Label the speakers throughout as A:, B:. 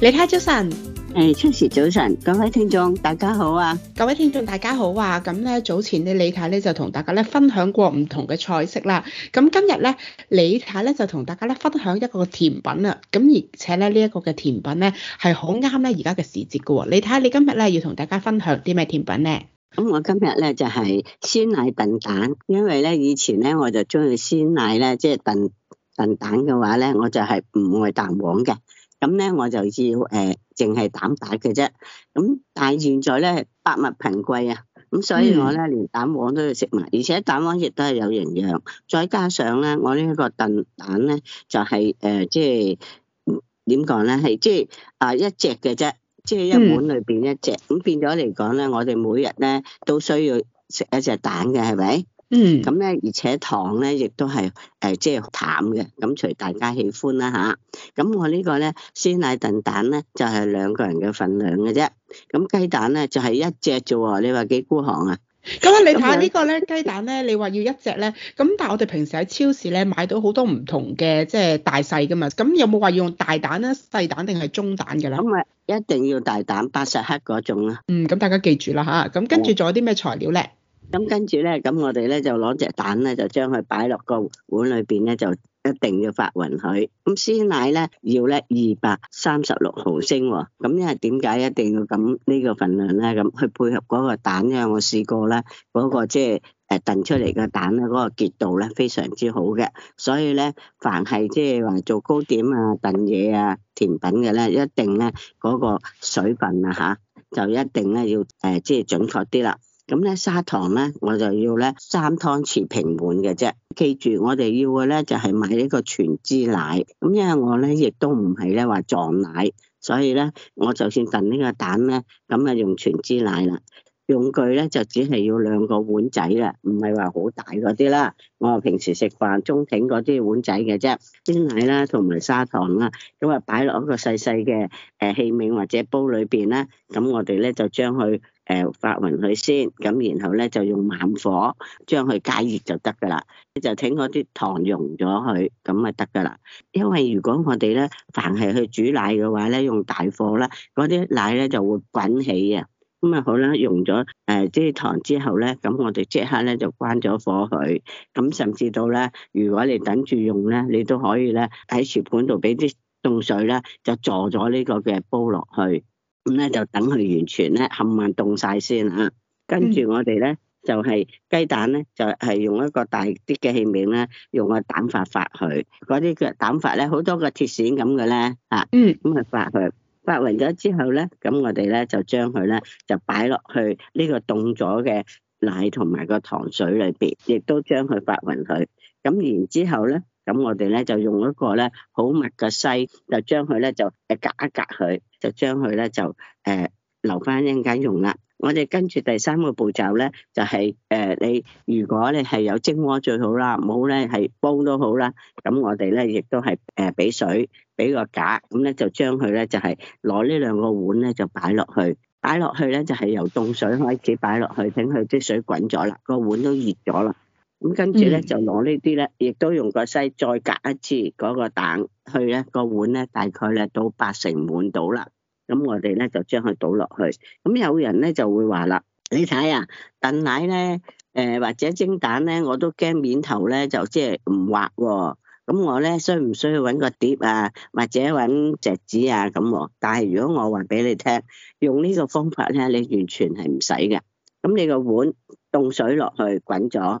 A: 李太早晨，誒、哎，春時早晨，各位聽眾大家好啊！各位聽眾大家好啊！咁咧早前咧李太咧就同大家咧分享過唔同嘅菜式啦，咁今日咧李太咧就同大家咧分享一個甜品啦！咁而且咧呢一、這個嘅甜品咧係好啱咧而家嘅時節㗎，你睇下，你，你今日咧要同大家分享啲咩甜品咧？咁我今日咧就係、是、鮮奶燉蛋，因為咧以前咧我就中意鮮奶咧，即係燉燉蛋嘅話咧，我就係唔愛蛋黃嘅。咁咧我就要誒，淨、呃、係蛋白嘅啫。咁但係現在咧，百物平貴啊，咁所以我咧連蛋黃都要食埋，而且蛋黃亦都係有營養。再加上咧，我呢一個燉蛋咧，就係、是、誒、呃，即係點講咧，係、呃、即係啊、呃、一隻嘅啫，即係一碗裏邊一隻。咁、嗯、變咗嚟講咧，我哋每日咧都需要食一隻蛋嘅，係咪？嗯，咁咧，而且糖咧，亦都係，誒、就是，即係淡嘅，咁隨大家喜歡啦吓。咁、啊、我個呢個咧，鮮奶燉蛋咧，就係、是、兩個人嘅份量嘅啫。咁雞蛋咧，就係、是、一隻啫喎。你話幾孤寒啊？咁啊、嗯嗯，你睇下呢個咧，雞蛋咧，你話要一隻咧。咁但係我哋平時喺超市咧，買到好多唔同嘅，即、就、係、是、大細噶嘛。咁有冇話要用大蛋咧、細蛋定係中蛋噶啦？咁啊，一定要大蛋八十克嗰種啊。嗯，咁大家記住啦吓。咁跟住仲有啲咩材料咧？咁跟住咧，咁我哋咧就攞隻蛋咧，就將佢擺落個碗裏邊咧，就一定要發勻佢。咁鮮奶咧要咧二百三十六毫升喎，哦。咁因為點解一定要咁、這個、呢個份量咧？咁去配合嗰個蛋咧，因為我試過咧，嗰、那個即係誒燉出嚟嘅蛋咧，嗰、那個結度咧非常之好嘅。所以咧，凡係即係話做糕點啊、燉嘢啊、甜品嘅咧，一定咧嗰、那個水分啊吓，就一定咧要誒即係準確啲啦。咁咧砂糖咧我就要咧三湯匙平碗嘅啫，記住我哋要嘅咧就係買呢個全脂奶，咁因為我咧亦都唔係咧話撞奶，所以咧我就算燉呢個蛋咧，咁啊用全脂奶啦，用具咧就只係要兩個碗仔啦，唔係話好大嗰啲啦，我平時食飯中挺嗰啲碗仔嘅啫，啲奶啦同埋砂糖啦，咁啊擺落一個細細嘅誒器皿或者煲裏邊啦，咁我哋咧就將佢。誒發勻佢先，咁然後咧就用慢火將佢加熱就得㗎啦。你就整嗰啲糖溶咗佢，咁啊得㗎啦。因為如果我哋咧，凡係去煮奶嘅話咧，用大火啦，嗰啲奶咧就會滾起啊。咁啊好啦，溶咗誒啲糖之後咧，咁我哋即刻咧就關咗火佢。咁甚至到咧，如果你等住用咧，你都可以咧喺雪管度俾啲凍水咧，就坐咗呢個嘅煲落去。咁咧就等佢完全咧冚唪唥凍晒先啊，跟住我哋咧就係雞蛋咧就係用一個大啲嘅器皿咧，用個蛋拂發佢，嗰啲嘅蛋拂咧好多個鐵線咁嘅咧啊，咁去發佢，發勻咗之後咧，咁我哋咧就將佢咧就擺落去呢個凍咗嘅奶同埋個糖水裏邊，亦都將佢發勻佢，咁然之後咧。咁我哋咧就用一個咧好密嘅篩，就將佢咧就誒隔一隔佢，就將佢咧就誒、呃、留翻一陣間用啦。我哋跟住第三個步驟咧，就係、是、誒、呃、你如果你係有蒸鍋最好啦，唔好咧係煲都好啦。咁我哋咧亦都係誒俾水，俾個架，咁咧就將佢咧就係攞呢兩個碗咧就擺落去，擺落去咧就係由凍水開始擺落去，等佢啲水滾咗啦，個碗都熱咗啦。咁跟住咧就攞呢啲咧，亦都用個篩再隔一次嗰個蛋去咧，個碗咧大概咧到八成滿到啦。咁我哋咧就將佢倒落去。咁有人咧就會話啦，你睇啊，燉奶咧，誒、呃、或者蒸蛋咧，我都驚面頭咧就即係唔滑喎、哦。咁我咧需唔需要揾個碟啊，或者揾石子啊咁、啊？但係如果我話俾你聽，用呢個方法咧，你完全係唔使嘅。咁你個碗。凍水落去滾咗，咁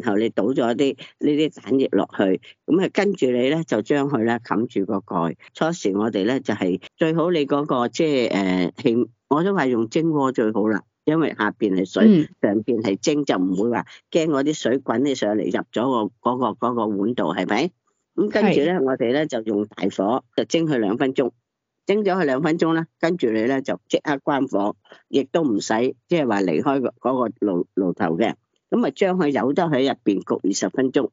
A: 然後你倒咗啲呢啲蛋液落去，咁啊跟住你咧就將佢咧冚住個蓋。初時我哋咧就係、是、最好你嗰、那個即係誒氣，我都話用蒸鍋最好啦，因為下邊係水，上邊係蒸、嗯、就唔會話驚嗰啲水滾起上嚟入咗個嗰、那個、那個碗度係咪？咁跟住咧我哋咧就用大火就蒸佢兩分鐘。蒸咗佢兩分鐘啦，跟住你咧就即刻關火，亦都唔使即係話離開嗰嗰個爐爐頭嘅。咁啊，將佢由得喺入邊焗二十分鐘，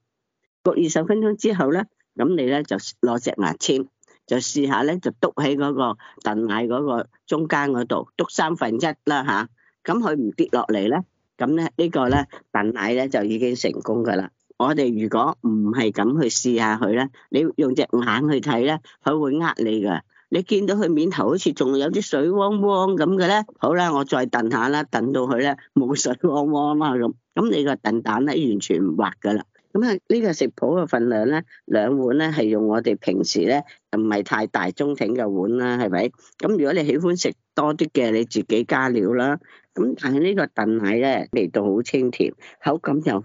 A: 焗二十分鐘之後咧，咁你咧就攞隻牙籤，就試下咧就篤喺嗰個燉奶嗰個中間嗰度，篤三分一啦吓，咁佢唔跌落嚟咧，咁咧呢個咧燉奶咧就已經成功噶啦。我哋如果唔係咁去試下佢咧，你用隻眼去睇咧，佢會呃你噶。你見到佢面頭好似仲有啲水汪汪咁嘅咧，好啦，我再燉下啦，燉到佢咧冇水汪汪啦咁，咁你個燉蛋咧完全唔滑噶啦。咁啊，呢個食譜嘅份量咧，兩碗咧係用我哋平時咧唔係太大中挺嘅碗啦，係咪？咁如果你喜歡食多啲嘅，你自己加料啦。咁但係呢個燉奶咧，味道好清甜，口感又好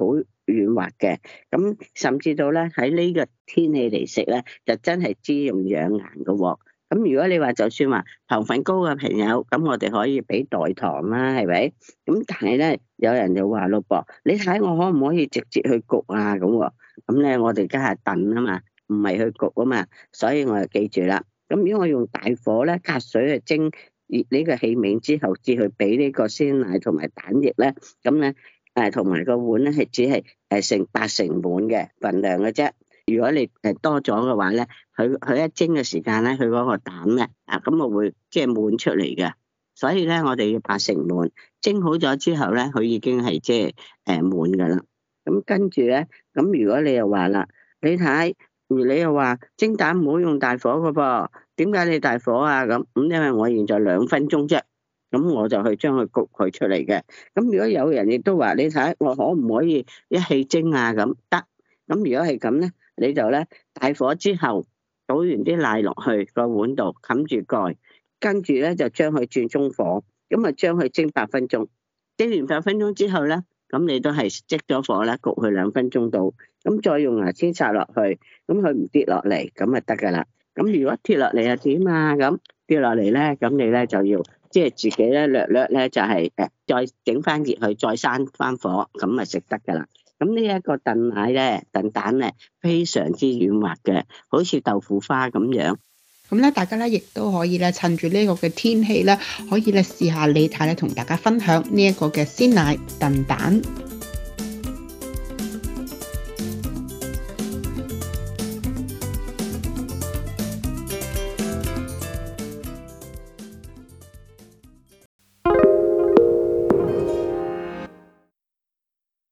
A: 軟滑嘅。咁甚至到咧喺呢個天氣嚟食咧，就真係滋用養顏㗎喎。咁如果你話就算話糖分高嘅朋友，咁我哋可以俾代糖啦，係咪？咁但係咧，有人就話咯噃，你睇我可唔可以直接去焗啊？咁喎、哦、咁、嗯、咧我哋家下燉啊嘛，唔係去焗啊嘛，所以我就記住啦。咁如果我用大火咧，隔水去蒸熱呢個器皿之後，至去俾呢個鮮奶同埋蛋液咧，咁、嗯、咧、誒，同埋個碗咧係只係誒成八成滿嘅份量嘅啫。如果你誒多咗嘅話咧，佢佢一蒸嘅時間咧，佢嗰個蛋咧啊，咁我會即係滿出嚟嘅，所以咧我哋要八成滿。蒸好咗之後咧，佢已經係即係誒滿㗎喇。咁、就是、跟住咧，咁如果你又話啦，你睇，而你又話蒸蛋唔好用大火嘅噃，點解你大火啊？咁咁因為我現在兩分鐘啫，咁我就去將佢焗佢出嚟嘅。咁如果有人亦都話，你睇我可唔可以一氣蒸啊？咁得。咁如果係咁咧？你就咧大火之後倒完啲奶落去個碗度，冚住蓋，跟住咧就將佢轉中火，咁啊將佢蒸八分鐘。蒸完八分鐘之後咧，咁你都係熄咗火啦，焗佢兩分鐘到，咁再用牙籤插落去，咁佢唔跌落嚟，咁啊得噶啦。咁如果跌落嚟又點啊？咁跌落嚟咧，咁你咧就要即係自己咧略略咧就係誒再整翻熱佢，再生翻火，咁啊食得噶啦。咁呢一個燉奶呢，燉蛋呢，非常之軟滑嘅，好似豆腐花咁樣。咁咧，大家呢，亦都可以呢，趁住呢個嘅天氣呢，可以呢，試下李太咧同大家分享呢一個嘅鮮奶燉蛋。